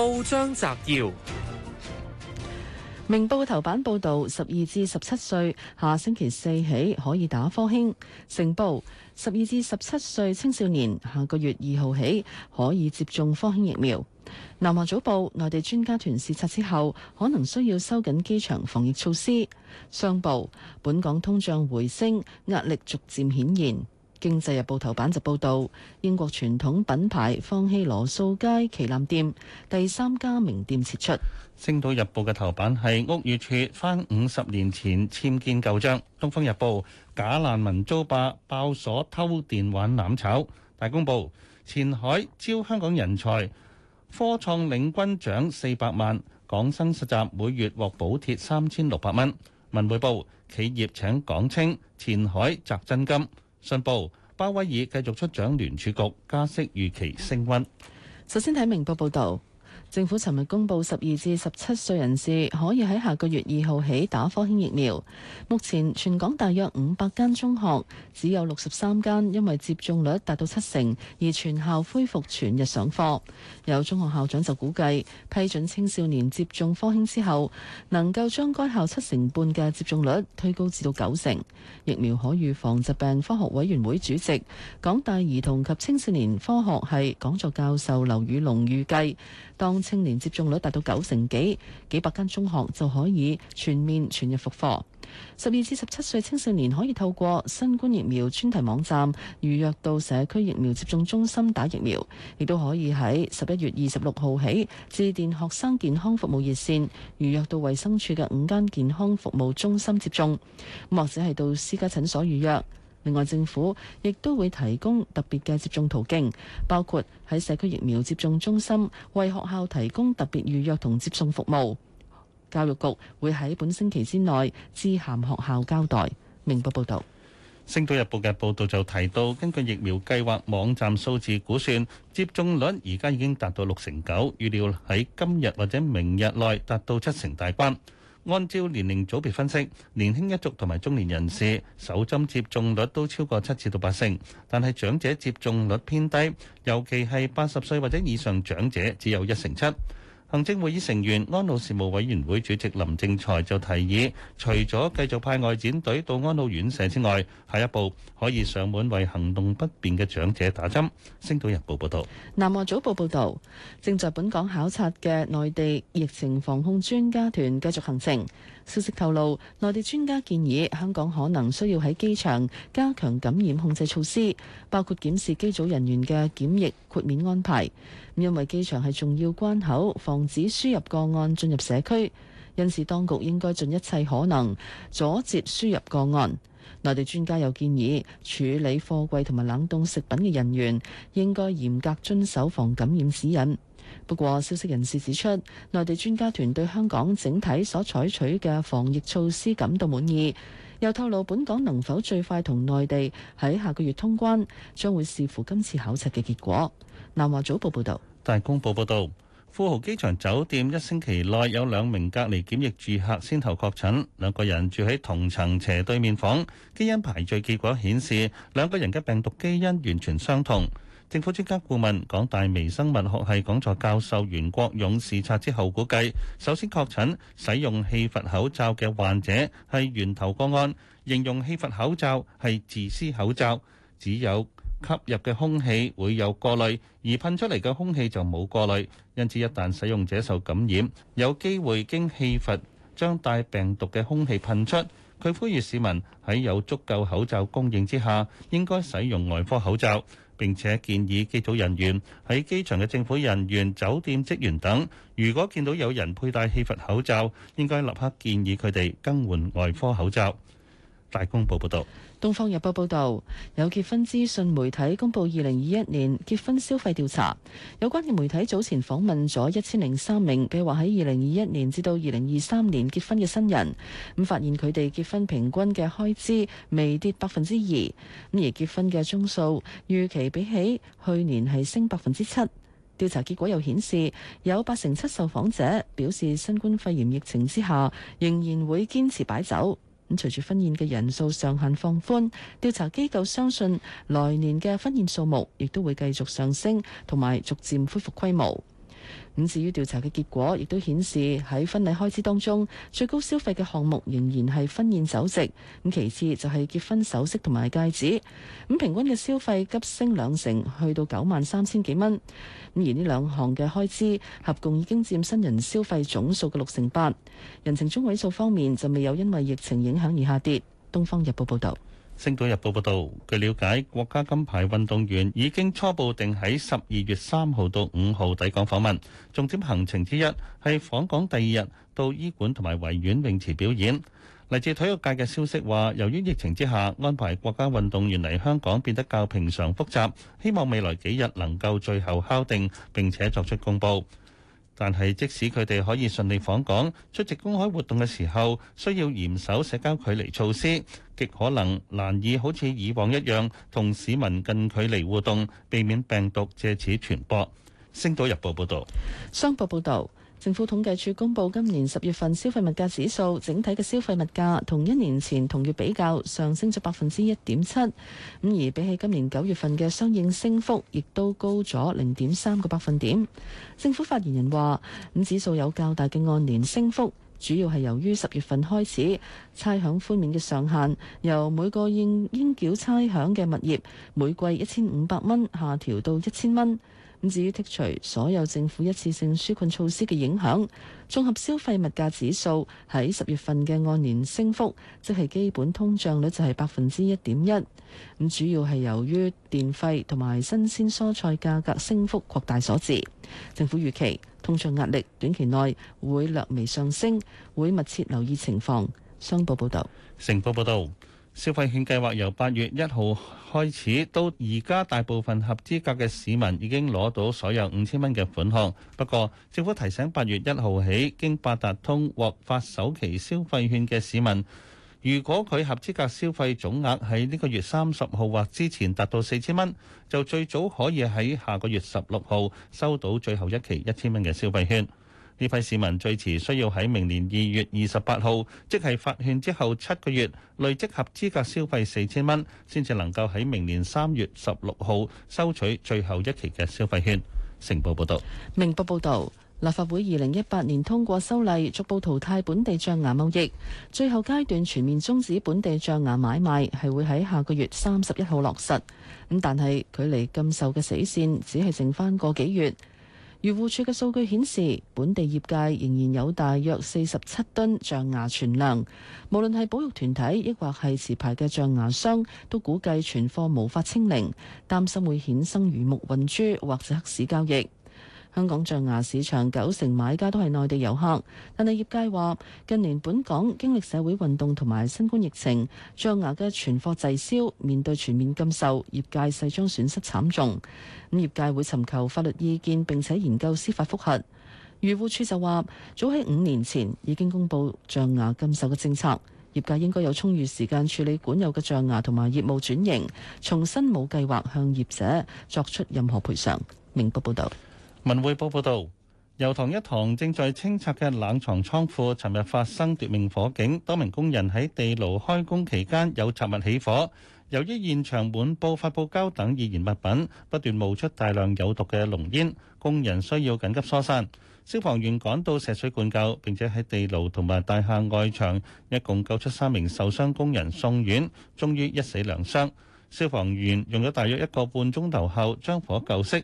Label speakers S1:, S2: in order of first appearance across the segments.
S1: 報章摘要：明報頭版報導，十二至十七歲下星期四起可以打科興。成報：十二至十七歲青少年下個月二號起可以接種科興疫苗。南華早報：內地專家團視察之後，可能需要收緊機場防疫措施。商報：本港通脹回升，壓力逐漸顯現。《經濟日報》頭版就報道，英國傳統品牌放棄羅素街旗艦店，第
S2: 三家名店撤出。《星島日報》嘅頭版係屋宇署翻五十年前簽建舊章，《東方日報》假難民租霸爆鎖偷電玩攬炒，《大公報》前海招香港人才，科創領軍獎四百萬，港生實習每月獲補貼三千六百蚊，《文匯報》企業請港青，前海集真金。信報：鮑威爾繼續出掌聯儲局，加息預期升溫。首先睇明報報導。
S1: 政府尋日公布，十二至十七歲人士可以喺下個月二號起打科興疫苗。目前全港大約五百間中學，只有六十三間因為接種率達到七成，而全校恢復全日上課。有中學校長就估計，批准青少年接種科興之後，能夠將該校七成半嘅接種率推高至到九成。疫苗可預防疾病科學委員會主席、港大兒童及青少年科學系講座教授劉宇龍預計，當青年接種率達到九成幾，幾百間中學就可以全面全日復課。十二至十七歲青少年可以透過新冠疫苗專題網站預約到社區疫苗接種中心打疫苗，亦都可以喺十一月二十六號起致電學生健康服務熱線預約到衛生署嘅五間健康服務中心接種，或者係到私家診所預約。另外，政府亦都會提供特別嘅接種途徑，包括喺社區疫苗接種中心為學校提供特別預約同接送服務。教育局會喺本星期之內致函學校交代。明報報導，
S2: 《星島日報》嘅報導就提到，根據疫苗計劃網站數字估算，接種率而家已經達到六成九，預料喺今日或者明日內達到七成大關。按照年齡組別分析，年輕一族同埋中年人士首針接種率都超過七至八成，但係長者接種率偏低，尤其係八十歲或者以上長者只有一成七。行政會議成員安老事務委員會主席林正財就提議，除咗繼續派外展隊到安老院舍之外，下一步可以上門為行動不便嘅長者打針。星島日報報道，
S1: 南華早報報道，正在本港考察嘅內地疫情防控專家團繼續行程。消息透露，內地專家建議香港可能需要喺機場加強感染控制措施，包括檢視機組人員嘅檢疫豁免安排。因為機場係重要關口，防止輸入個案進入社區，因此當局應該盡一切可能阻截輸入個案。內地專家又建議，處理貨櫃同埋冷凍食品嘅人員應該嚴格遵守防感染指引。不過，消息人士指出，內地專家團對香港整體所採取嘅防疫措施感到滿意，又透露本港能否最快同內地喺下個月通關，將會視乎今次考察嘅結果。南華早報報道。
S2: 大公報報道。富豪機場酒店一星期內有兩名隔離檢疫住客先後確診，兩個人住喺同層斜對面房，基因排序結果顯示兩個人嘅病毒基因完全相同。政府專家顧問港大微生物學系講座教授袁國勇視察之後估計，首先確診使用氣閥口罩嘅患者係源頭個案，形容氣閥口罩係自私口罩，只有。吸入嘅空氣會有過濾，而噴出嚟嘅空氣就冇過濾。因此，一旦使用者受感染，有機會經氣閥將帶病毒嘅空氣噴出。佢呼籲市民喺有足夠口罩供應之下，應該使用外科口罩。並且建議機組人員、喺機場嘅政府人員、酒店職員等，如果見到有人佩戴氣閥口罩，應該立刻建議佢哋更換外科口罩。大公報報道。
S1: 《東方日報》報導，有結婚資訊媒體公布二零二一年結婚消費調查。有關嘅媒體早前訪問咗一千零三名計劃喺二零二一年至到二零二三年結婚嘅新人，咁發現佢哋結婚平均嘅開支未跌百分之二，咁而結婚嘅宗數預期比起去年係升百分之七。調查結果又顯示，有八成七受訪者表示新冠肺炎疫情之下仍然會堅持擺酒。咁隨住婚宴嘅人數上限放寬，調查機構相信來年嘅婚宴數目亦都會繼續上升，同埋逐漸恢復規模。咁至於調查嘅結果，亦都顯示喺婚禮開支當中，最高消費嘅項目仍然係婚宴酒席，咁其次就係結婚首飾同埋戒指。咁平均嘅消費急升兩成，去到九萬三千幾蚊。咁而呢兩項嘅開支合共已經佔新人消費總數嘅六成八。人情中位數方面就未有因為疫情影響而下跌。《東方日報》報道。
S2: 星島日報報道，據了解，國家金牌運動員已經初步定喺十二月三號到五號抵港訪問，重點行程之一係訪港第二日到醫館同埋維園泳池表演。嚟自體育界嘅消息話，由於疫情之下安排國家運動員嚟香港變得較平常複雜，希望未來幾日能夠最後敲定，並且作出公布。但係，即使佢哋可以順利訪港出席公開活動嘅時候，需要嚴守社交距離措施，極可能難以好似以往一樣同市民近距離互動，避免病毒藉此傳播。星島日報報道。
S1: 商報報導。政府統計處公布今年十月份消費物價指數，整體嘅消費物價同一年前同月比較上升咗百分之一點七，咁而比起今年九月份嘅相應升幅，亦都高咗零點三個百分點。政府發言人話，咁指數有較大嘅按年升幅，主要係由於十月份開始差餉寬免嘅上限由每個應應繳差餉嘅物業每季一千五百蚊下調到一千蚊。咁至於剔除所有政府一次性紓困措施嘅影響，綜合消費物價指數喺十月份嘅按年升幅，即係基本通脹率就係百分之一點一。咁主要係由於電費同埋新鮮蔬菜價格升幅擴大所致。政府預期通脹壓力短期內會略微上升，會密切留意情況。商報報道。
S2: 成報報道。消費券計劃由八月一號開始到而家，大部分合資格嘅市民已經攞到所有五千蚊嘅款項。不過，政府提醒八月一號起經八達通獲發首期消費券嘅市民，如果佢合資格消費總額喺呢個月三十號或之前達到四千蚊，就最早可以喺下個月十六號收到最後一期一千蚊嘅消費券。呢批市民最遲需要喺明年二月二十八號，即係發券之後七個月累積合資格消費四千蚊，先至能夠喺明年三月十六號收取最後一期嘅消費券。成報報道，
S1: 明報報道，立法會二零一八年通過修例，逐步淘汰本地象牙貿易，最後階段全面終止本地象牙買賣，係會喺下個月三十一號落實，咁但係距離禁售嘅死線只係剩翻個幾月。漁護署嘅數據顯示，本地業界仍然有大約四十七噸象牙存量。無論係保育團體，抑或係持牌嘅象牙商，都估計存貨無法清零，擔心會衍生魚目混珠或者黑市交易。香港象牙市場九成買家都係內地遊客，但係業界話近年本港經歷社會運動同埋新冠疫情，象牙嘅存貨滯銷，面對全面禁售，業界勢將損失慘重。咁業界會尋求法律意見並且研究司法覆核。漁護處就話，早喺五年前已經公布象牙禁售嘅政策，業界應該有充裕時間處理管有嘅象牙同埋業務轉型，重新冇計劃向業者作出任何賠償。明報報道。
S2: 文匯報報道，油塘一堂正在清拆嘅冷藏倉庫，尋日發生奪命火警，多名工人喺地牢開工期間有雜物起火，由於現場滿布發泡膠等易燃物品，不斷冒出大量有毒嘅濃煙，工人需要緊急疏散。消防員趕到射水灌救，並且喺地牢同埋大廈外牆一共救出三名受傷工人送院，終於一死兩傷。消防員用咗大約一個半鐘頭後，將火救熄。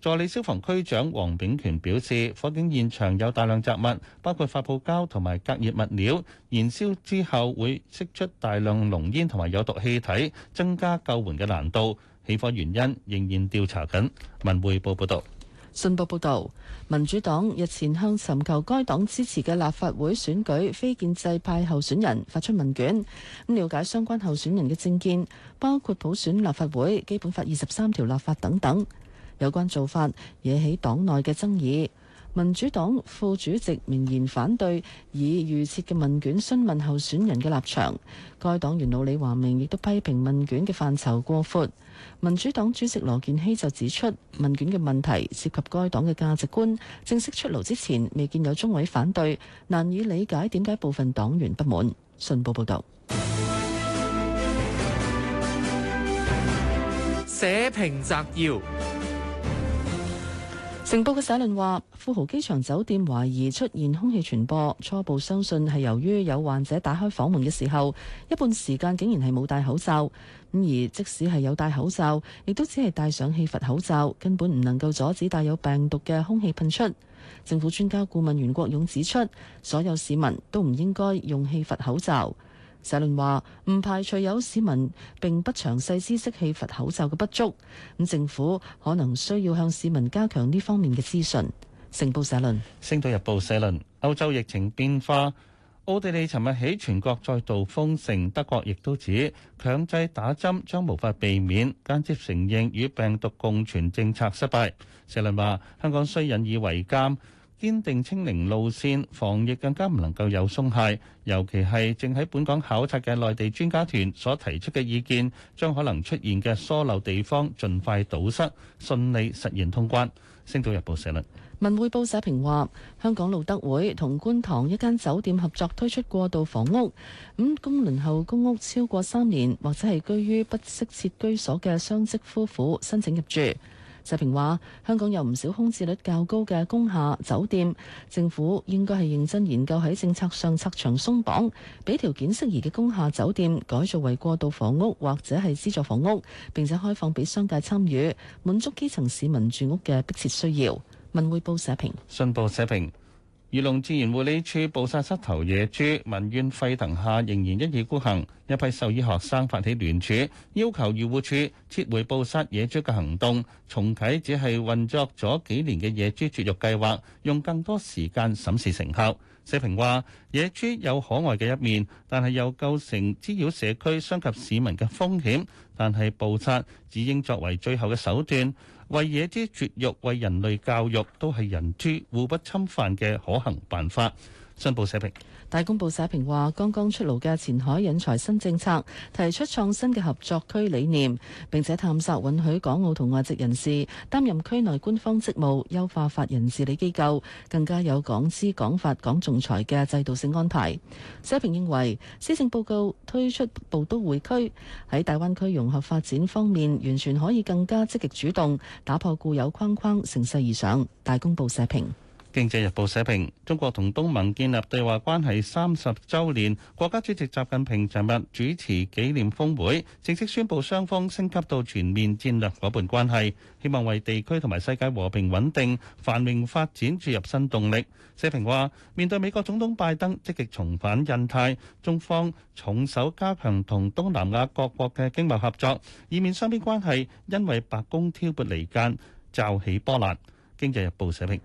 S2: 助理消防區長黃炳權表示，火警現場有大量雜物，包括發泡膠同埋隔熱物料，燃燒之後會釋出大量濃煙同埋有毒氣體，增加救援嘅難度。起火原因仍然調查緊。文匯報報道。
S1: 信報報道，民主黨日前向尋求該黨支持嘅立法會選舉非建制派候選人發出問卷，咁了解相關候選人嘅政見，包括普選立法會、基本法二十三條立法等等。有關做法惹起黨內嘅爭議，民主黨副主席明言反對以預設嘅問卷詢問候選人嘅立場。該黨元老李華明亦都批評問卷嘅範疇過闊。民主黨主席羅健熙就指出，問卷嘅問題涉及該黨嘅價值觀，正式出爐之前未見有中委反對，難以理解點解部分黨員不滿。信報報道。
S2: 社評摘要。
S1: 成報嘅社論話：富豪機場酒店懷疑出現空氣傳播，初步相信係由於有患者打開房門嘅時候，一半時間竟然係冇戴口罩，咁而即使係有戴口罩，亦都只係戴上氣閥口罩，根本唔能夠阻止帶有病毒嘅空氣噴出。政府專家顧問袁國勇指出，所有市民都唔應該用氣閥口罩。社論話唔排除有市民並不詳細知識棄罰口罩嘅不足，咁政府可能需要向市民加強呢方面嘅資訊。成報社論，
S2: 《星島日報》社論：歐洲疫情變化，奧地利尋日起全國再度封城，德國亦都指強制打針將無法避免，間接承認與病毒共存政策失敗。社論話香港需引以為戒。堅定清零路線，防疫更加唔能夠有鬆懈。尤其係正喺本港考察嘅內地專家團所提出嘅意見，將可能出現嘅疏漏地方，盡快堵塞，順利實現通關。星島日報社論。
S1: 文匯報社評話，香港路德會同觀塘一間酒店合作推出過渡房屋，供輪候公屋超過三年或者係居於不適切居所嘅雙職夫婦申請入住。社評話：香港有唔少空置率較高嘅工廈酒店，政府應該係認真研究喺政策上拆牆鬆綁，俾條件適宜嘅工廈酒店改造為過渡房屋或者係資助房屋，並且開放俾商界參與，滿足基層市民住屋嘅迫切需要。文匯報社評，
S2: 信報社評。漁農自然護理署捕殺膝頭野豬，民怨沸騰下仍然一意孤行。一批獸醫學生發起聯署，要求漁護署撤回捕殺野豬嘅行動，重啟只係運作咗幾年嘅野豬絕育計劃，用更多時間審視成效。社評話：野豬有可愛嘅一面，但係又構成滋擾社區、傷及市民嘅風險。但係捕殺只應作為最後嘅手段，為野豬絕育，為人類教育，都係人豬互不侵犯嘅可行辦法。新報社評。
S1: 大公報社評話：剛剛出爐嘅前海引才新政策提出創新嘅合作區理念，並且探索允許港澳同外籍人士擔任區內官方職務，優化法人治理機構，更加有港資港法港仲裁嘅制度性安排。社評認為，施政報告推出北部都會區喺大灣區融合發展方面，完全可以更加積極主動，打破固有框框，乘勢而上。大公報社評。
S2: 《經濟日報》社評：中國同東盟建立對話關係三十週年，國家主席習近平昨日主持紀念峯會，正式宣布雙方升級到全面戰略夥伴關係，希望為地區同埋世界和平穩定、繁榮發展注入新動力。社評話：面對美國總統拜登積極重返印太，中方重手加強同東南亞各國嘅經貿合作，以免雙邊關係因為白宮挑撥離間，驟起波瀾。《經濟日報》社評。